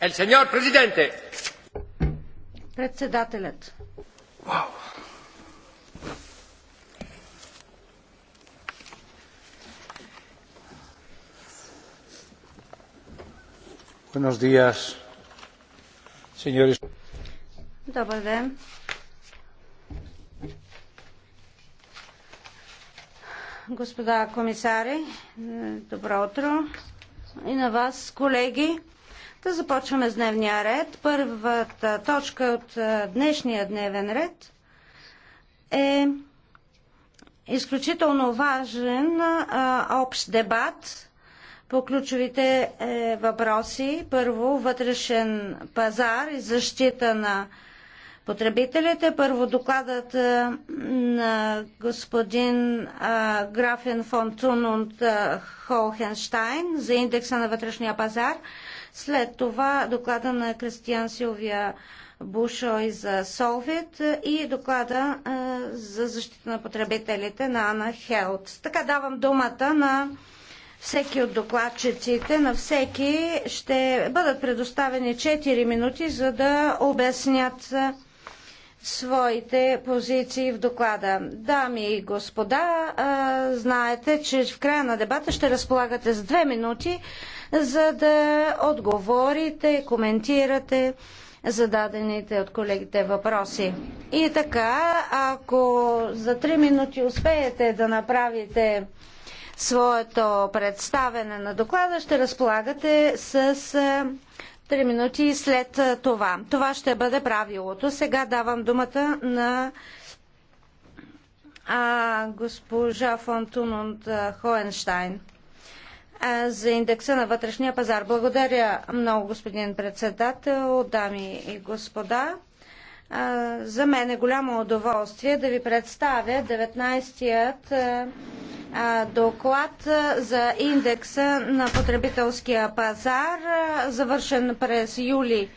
El señor президенте! Председателят. Вау! Buenos días, señores. Добър ден. Господа комисари, добро утро. И на вас, колеги. Да започваме с дневния ред. Първата точка от е, днешния дневен ред е изключително важен е, общ дебат по ключовите е, въпроси. Първо, вътрешен пазар и защита на потребителите. Първо докладът е, на господин е, Графен фон Тун от е, Холхенштайн за индекса на вътрешния пазар. След това доклада на Кристиан Силвия Бушой за Солвет и доклада за защита на потребителите на Ана Хелт. Така давам думата на всеки от докладчиците, на всеки ще бъдат предоставени 4 минути, за да обяснят своите позиции в доклада. Дами и господа, знаете, че в края на дебата ще разполагате с две минути, за да отговорите, коментирате зададените от колегите въпроси. И така, ако за три минути успеете да направите своето представене на доклада, ще разполагате с Три минути след това. Това ще бъде правилото. Сега давам думата на а, госпожа Фонтун от Хоенштайн за индекса на вътрешния пазар. Благодаря много, господин председател, дами и господа. За мен е голямо удоволствие да ви представя 19-тият доклад за индекса на потребителския пазар, завършен през юли